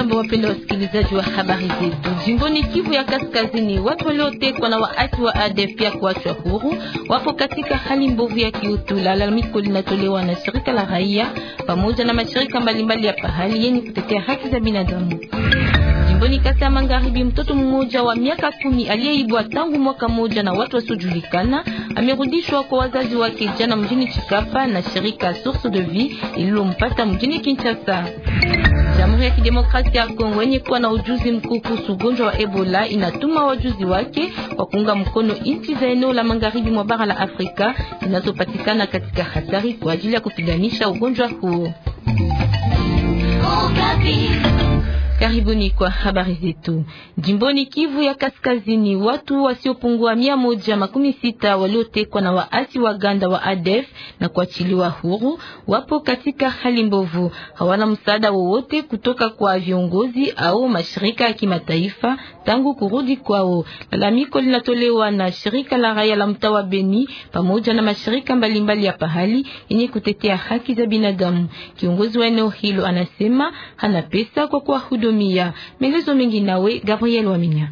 Hamjambo, wapenda wasikilizaji wa habari zetu. Jimboni Kivu ya Kaskazini, watu waliotekwa na waasi wa ADF ya kuachwa huru wapo katika hali mbovu ya kiutu. Lalamiko linatolewa na shirika la raia pamoja na mashirika mbalimbali ya pahali yenye kutetea haki za binadamu. Jimboni Kasai Magharibi, mtoto mmoja wa miaka kumi aliyeibwa tangu mwaka mmoja na watu wasiojulikana amerudishwa kwa wazazi wake jana mjini Chikapa na shirika Source de Vie ililompata mjini Kinshasa. Jamhuri ya Kidemokrasia ya Kongo yenye kuwa na ujuzi mkuu kuhusu ugonjwa wa Ebola inatuma wajuzi wake kwa kuunga mkono nchi za eneo la magharibi mwa bara la Afrika zinazopatikana katika hatari kwa ajili ya kupiganisha ugonjwa huo. Oh, Karibuni kwa habari zetu. Jimboni Kivu ya Kaskazini, watu wasiopungua mia moja makumi sita waliotekwa na waasi wa Ganda wa ADF na kuachiliwa huru wapo katika hali mbovu. Hawana msaada wowote kutoka kwa viongozi au mashirika ya kimataifa tangu kurudi kwao. Lalamiko linatolewa na shirika la raia la mtaa wa Beni pamoja na mashirika mbalimbali ya pahali yenye kutetea haki za binadamu. Kiongozi wa eneo hilo anasema hana pesa kwa kuwahudu waliumia. Maelezo mengi nawe Gabriel Waminya.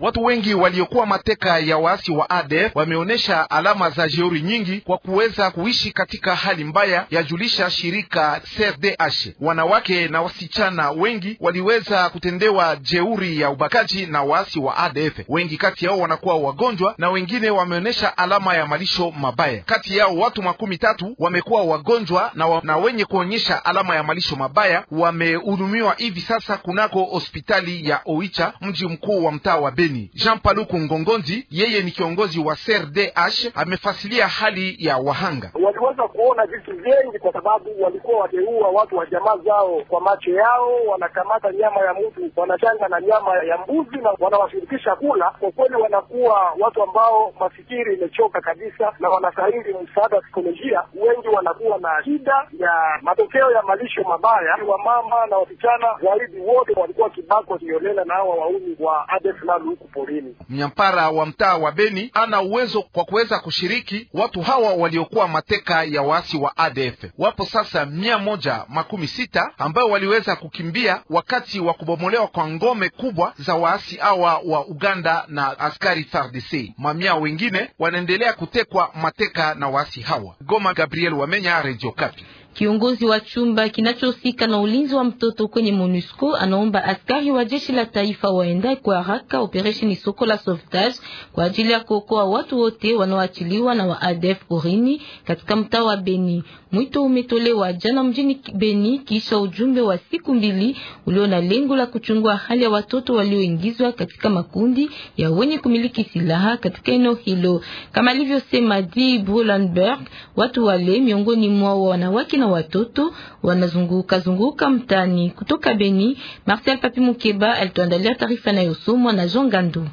Watu wengi waliokuwa mateka ya waasi wa ADF wameonyesha alama za jeuri nyingi kwa kuweza kuishi katika hali mbaya, yajulisha shirika CRDH. Wanawake na wasichana wengi waliweza kutendewa jeuri ya ubakaji na waasi wa ADF. Wengi kati yao wanakuwa wagonjwa na wengine wameonyesha alama ya malisho mabaya. Kati yao watu makumi tatu wamekuwa wagonjwa na, wa, na wenye kuonyesha alama ya malisho mabaya wamehudumiwa hivi sasa kunako hospitali ya Oicha, mji mkuu wa mtaa wa Beni. Kusini. Jean Paluku Ngongonzi, yeye ni kiongozi wa CRDH, amefasilia hali ya wahanga. Waliweza kuona vitu vyengi kwa sababu walikuwa wateua watu wa jamaa zao kwa macho yao, wanakamata nyama ya mtu, wanachanga na nyama ya mbuzi na wanawashirikisha kula. Kwa kweli wanakuwa watu ambao mafikiri imechoka kabisa na wanastahili msaada wa saikolojia. Wengi wanakuwa na shida ya matokeo ya malisho mabaya. Wamama na wasichana zaidi wote walikuwa kibakwa kiolela na hawa wauni wa ADF-NALU huku porini. Mnyampara wa mtaa wa Beni ana uwezo kwa kuweza kushiriki watu hawa waliokuwa mateka ya waasi wa ADF. Wapo sasa mia moja makumi sita ambayo waliweza kukimbia wakati wa kubomolewa kwa ngome kubwa za waasi hawa wa Uganda na askari FARDC. Mamia wengine wanaendelea kutekwa mateka na waasi hawa. Goma, Gabriel Wamenya, Radio Okapi. Kiongozi wa chumba kinachohusika na ulinzi wa mtoto kwenye MONUSCO anaomba askari wa jeshi la taifa waende kwa haraka operation soko la sauvetage kwa ajili ya kuokoa watu wote wanaoachiliwa na wa ADF porini katika mtaa wa Beni. Mwito umetolewa jana mjini Beni kisha ujumbe wa siku mbili ulio na lengo la kuchungua hali ya watoto walioingizwa katika makundi ya wenye kumiliki silaha katika eneo hilo, kama alivyosema D Brulenberg, watu wale miongoni mwao wanawake na watoto wanazunguka zunguka mtani Kutoka Beni, Marcel Papi Mukeba alituandalia taarifa inayosomwa na Jean Gandu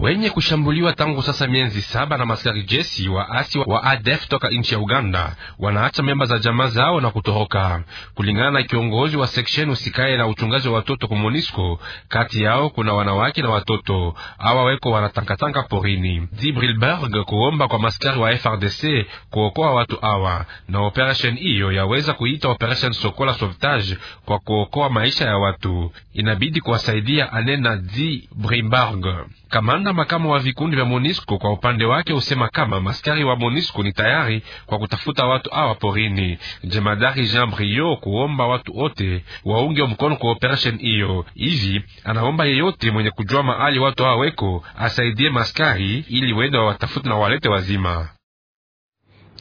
wenye kushambuliwa tangu sasa miezi saba na maskari jeshi asi wa ADF toka nchi ya Uganda wanaacha memba za jamaa zao na kutoroka, kulingana na kiongozi wa sekshen usikae na uchungaji wa watoto Kumonisco. Kati yao kuna wanawake na watoto awa weko wanatangatanga porini. Dibrilberg kuomba kwa maskari wa FRDC kuokoa watu awa, na operation hiyo yaweza kuita operation Sokola Sauvetage kwa kuokoa maisha ya watu, inabidi kuwasaidia, anena Dibrilberg. Kamanda Rwanda, makamu wa vikundi vya MONISCO kwa upande wake husema kama maskari wa MONISCO ni tayari kwa kutafuta watu awa porini. Jemadari Jean Brio kuomba watu wote waunge mkono kwa operation hiyo. Hivi anaomba yeyote mwenye kujua mahali watu awa weko asaidie maskari ili wende wawatafute na walete wazima.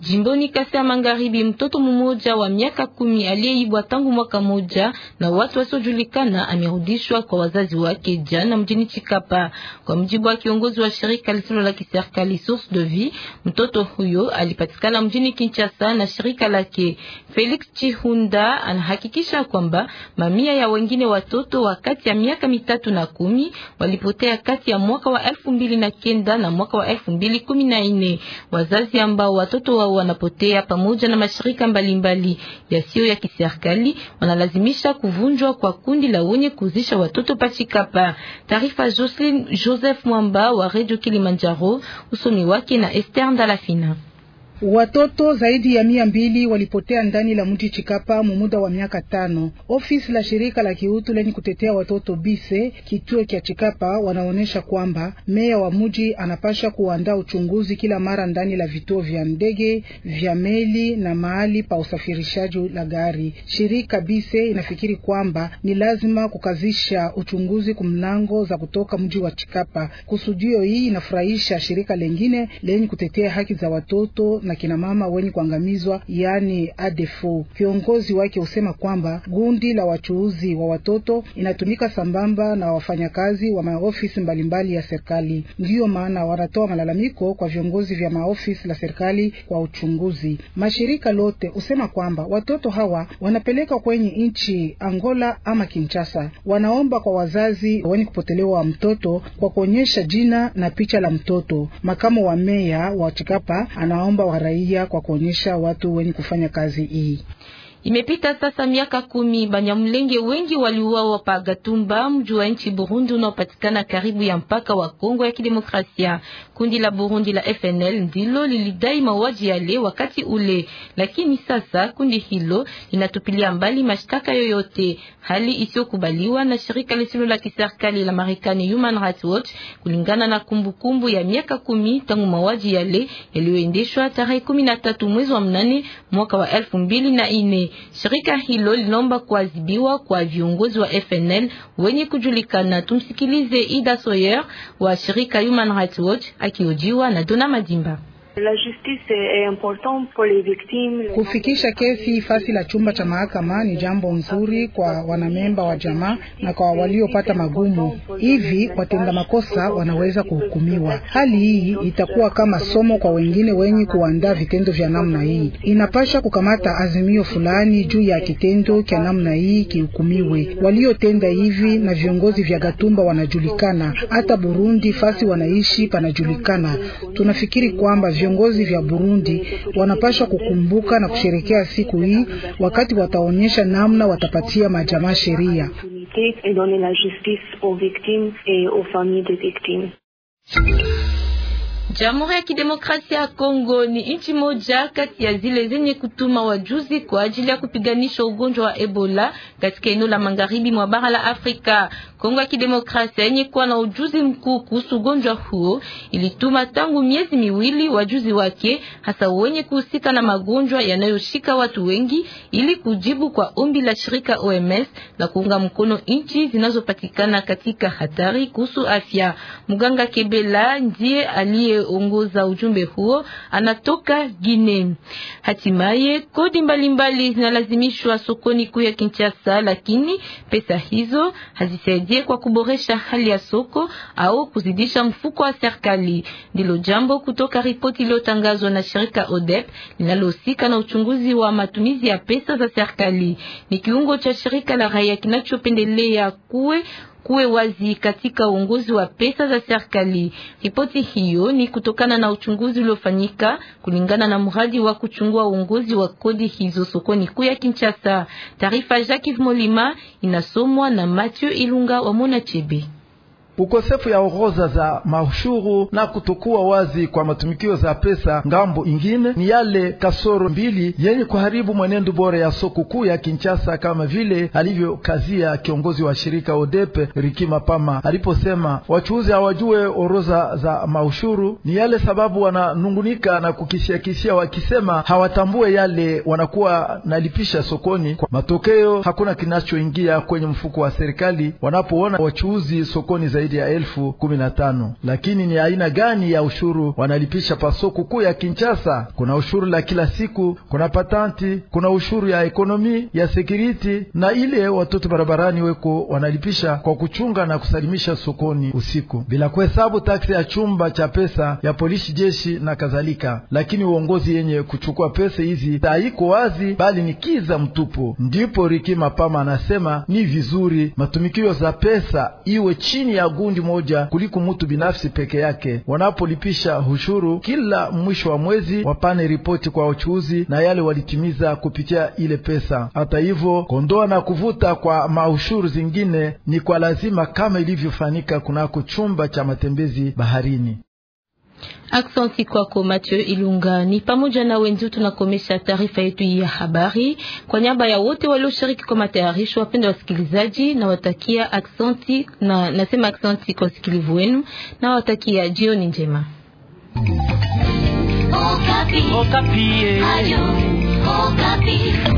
Jimboni Kasai ya Magharibi, mtoto mmoja wa miaka kumi aliyeibwa tangu mwaka mmoja na watu wasiojulikana amerudishwa kwa wazazi wake jana mjini Chikapa. Kwa mjibu wa kiongozi wa shirika lisilo la kiserikali Source de Vie, mtoto huyo alipatikana mjini Kinshasa na shirika lake. Felix Chihunda anahakikisha kwamba mamia ya wengine watoto wa kati ya miaka mitatu na kumi walipotea kati ya mwaka wa elfu mbili na kenda na mwaka wa elfu mbili kumi na nne wazazi ambao watoto wa wao wanapotea pamoja na mashirika mbalimbali yasiyo ya kiserikali wanalazimisha kuvunjwa kwa kundi la wenye kuzisha watoto pachikapa. Taarifa Jocelyn Joseph Mwamba wa Radio Kilimanjaro, usomi wake na Esther Ndalafina. Watoto zaidi ya mia mbili walipotea ndani la mji Chikapa mumuda wa miaka tano. Ofisi la shirika la kiutu lenye kutetea watoto bise kituo cha Chikapa wanaonyesha kwamba meya wa mji anapasha kuandaa uchunguzi kila mara ndani la vituo vya ndege vya meli na mahali pa usafirishaji la gari. Shirika bise inafikiri kwamba ni lazima kukazisha uchunguzi kumlango za kutoka mji wa Chikapa. Kusudio hii inafurahisha shirika lengine lenye kutetea haki za watoto na kinamama wenye kuangamizwa, yaani ADEFO. Kiongozi wake husema kwamba gundi la wachuuzi wa watoto inatumika sambamba na wafanyakazi wa maofisi mbalimbali ya serikali, ndiyo maana wanatoa malalamiko kwa viongozi vya maofisi la serikali kwa uchunguzi. Mashirika lote husema kwamba watoto hawa wanapelekwa kwenye nchi Angola ama Kinshasa. Wanaomba kwa wazazi wenye kupotelewa wa mtoto kwa kuonyesha jina na picha la mtoto. Makamu wa meya wa Chikapa anaomba kwa raia kwa kuonyesha watu wenye kufanya kazi hii. Imepita sasa miaka kumi, Banyamulenge wengi waliuawa pa Gatumba, mji wa nchi Burundi unaopatikana karibu ya mpaka wa Kongo ya Kidemokrasia. Kundi la Burundi la FNL ndilo lilidai mauaji yale wakati ule, lakini sasa kundi hilo linatupilia mbali mashtaka yoyote, hali isiyokubaliwa na shirika lisilo la kiserikali la Marekani Human Rights Watch, kulingana na kumbukumbu ya miaka kumi tangu mauaji yale yaliyoendeshwa tarehe 13 mwezi wa mnane mwaka wa elfu mbili na ine. Shirika hilo linaomba kuadhibiwa kwa viongozi wa FNL wenye kujulikana. Tumsikilize Ida Sawyer wa shirika Human Rights Watch akiojiwa na Dona Madimba. Kufikisha kesi fasi la chumba cha mahakama ni jambo nzuri kwa wanamemba wa jamaa na kwa waliopata magumu. Hivi watenda makosa wanaweza kuhukumiwa. Hali hii itakuwa kama somo kwa wengine wenye kuandaa vitendo vya namna hii. Inapasha kukamata azimio fulani juu ya kitendo cha namna hii kihukumiwe. Waliotenda hivi na viongozi vya Gatumba wanajulikana, hata Burundi fasi wanaishi panajulikana. Tunafikiri kwamba viongozi vya Burundi wanapashwa kukumbuka na kusherekea siku hii wakati wataonyesha namna watapatia majamaa sheria. Jamhuri ya Kidemokrasia ya Kongo ni nchi moja kati ya zile zenye kutuma wajuzi kwa ajili ya kupiganisha ugonjwa wa Ebola katika eneo la magharibi mwa bara la Afrika. Kongo ya Kidemokrasia yenye kuwa na ujuzi mkuu kuhusu ugonjwa huo ilituma tangu miezi miwili wajuzi wake hasa wenye kuhusika na magonjwa yanayoshika watu wengi ili kujibu kwa ombi la shirika OMS la kuunga mkono nchi zinazopatikana katika hatari kuhusu afya. Muganga Kebela ndiye aliyeongoza ujumbe huo, anatoka Guinea. Hatimaye kodi mbalimbali zinalazimishwa sokoni kuu ya Kinshasa, lakini pesa hizo hazisaidii zisaidie kwa kuboresha hali ya soko au kuzidisha mfuko wa serikali. Ndilo jambo kutoka ripoti iliyotangazwa na shirika ODEP linalohusika na uchunguzi wa matumizi ya pesa za serikali. Ni kiungo cha shirika la raia kinachopendelea kuwe kuwe wazi katika uongozi wa pesa za serikali. Ripoti hiyo ni kutokana na uchunguzi uliofanyika kulingana na mradi wa kuchungua uongozi wa kodi hizo sokoni kuu ya Kinshasa. Taarifa Jacques Molima inasomwa na Mathieu Ilunga wa Mona Chebe ukosefu ya orodha za maushuru na kutokuwa wazi kwa matumikio za pesa. Ngambo ingine ni yale kasoro mbili yenye kuharibu mwenendo bora ya soko kuu ya Kinshasa, kama vile alivyokazia kiongozi wa shirika Odepe Rikima Pama aliposema wachuuzi hawajue orodha za maushuru. Ni yale sababu wananungunika na kukishiakishia, wakisema hawatambue yale wanakuwa nalipisha sokoni. Kwa matokeo, hakuna kinachoingia kwenye mfuko wa serikali wanapoona wachuuzi sokoni za zaidi ya elfu kumi na tano. Lakini ni aina gani ya ushuru wanalipisha pasoko kuu ya Kinshasa? Kuna ushuru la kila siku, kuna patanti, kuna ushuru ya ekonomi ya sekiriti na ile watoto barabarani weko wanalipisha kwa kuchunga na kusalimisha sokoni usiku, bila kuhesabu taksi ya chumba cha pesa ya polisi, jeshi na kadhalika. Lakini uongozi yenye kuchukua pesa hizi haiko wazi, bali ni kiza mtupu. Ndipo Riki Mapama anasema ni vizuri matumikio za pesa iwe chini ya gundi moja kuliko mutu binafsi peke yake. Wanapolipisha hushuru kila mwisho wa mwezi, wapane ripoti kwa wachuuzi na yale walitimiza kupitia ile pesa. Hata hivyo, kondoa na kuvuta kwa mahushuru zingine ni kwa lazima, kama ilivyofanyika kunako chumba cha matembezi baharini. Aksanti kwako Mathieu Ilunga. Ni pamoja na wenzetu tunakomesha taarifa yetu ya habari. Kwa niaba ya wote walioshiriki kwa matayarisho, wapenda wasikilizaji, na watakia aksanti na nasema aksanti kwa usikilivu wenu na watakia jioni njema. Okapi. Okapi. Eh. Ayo. Okapi.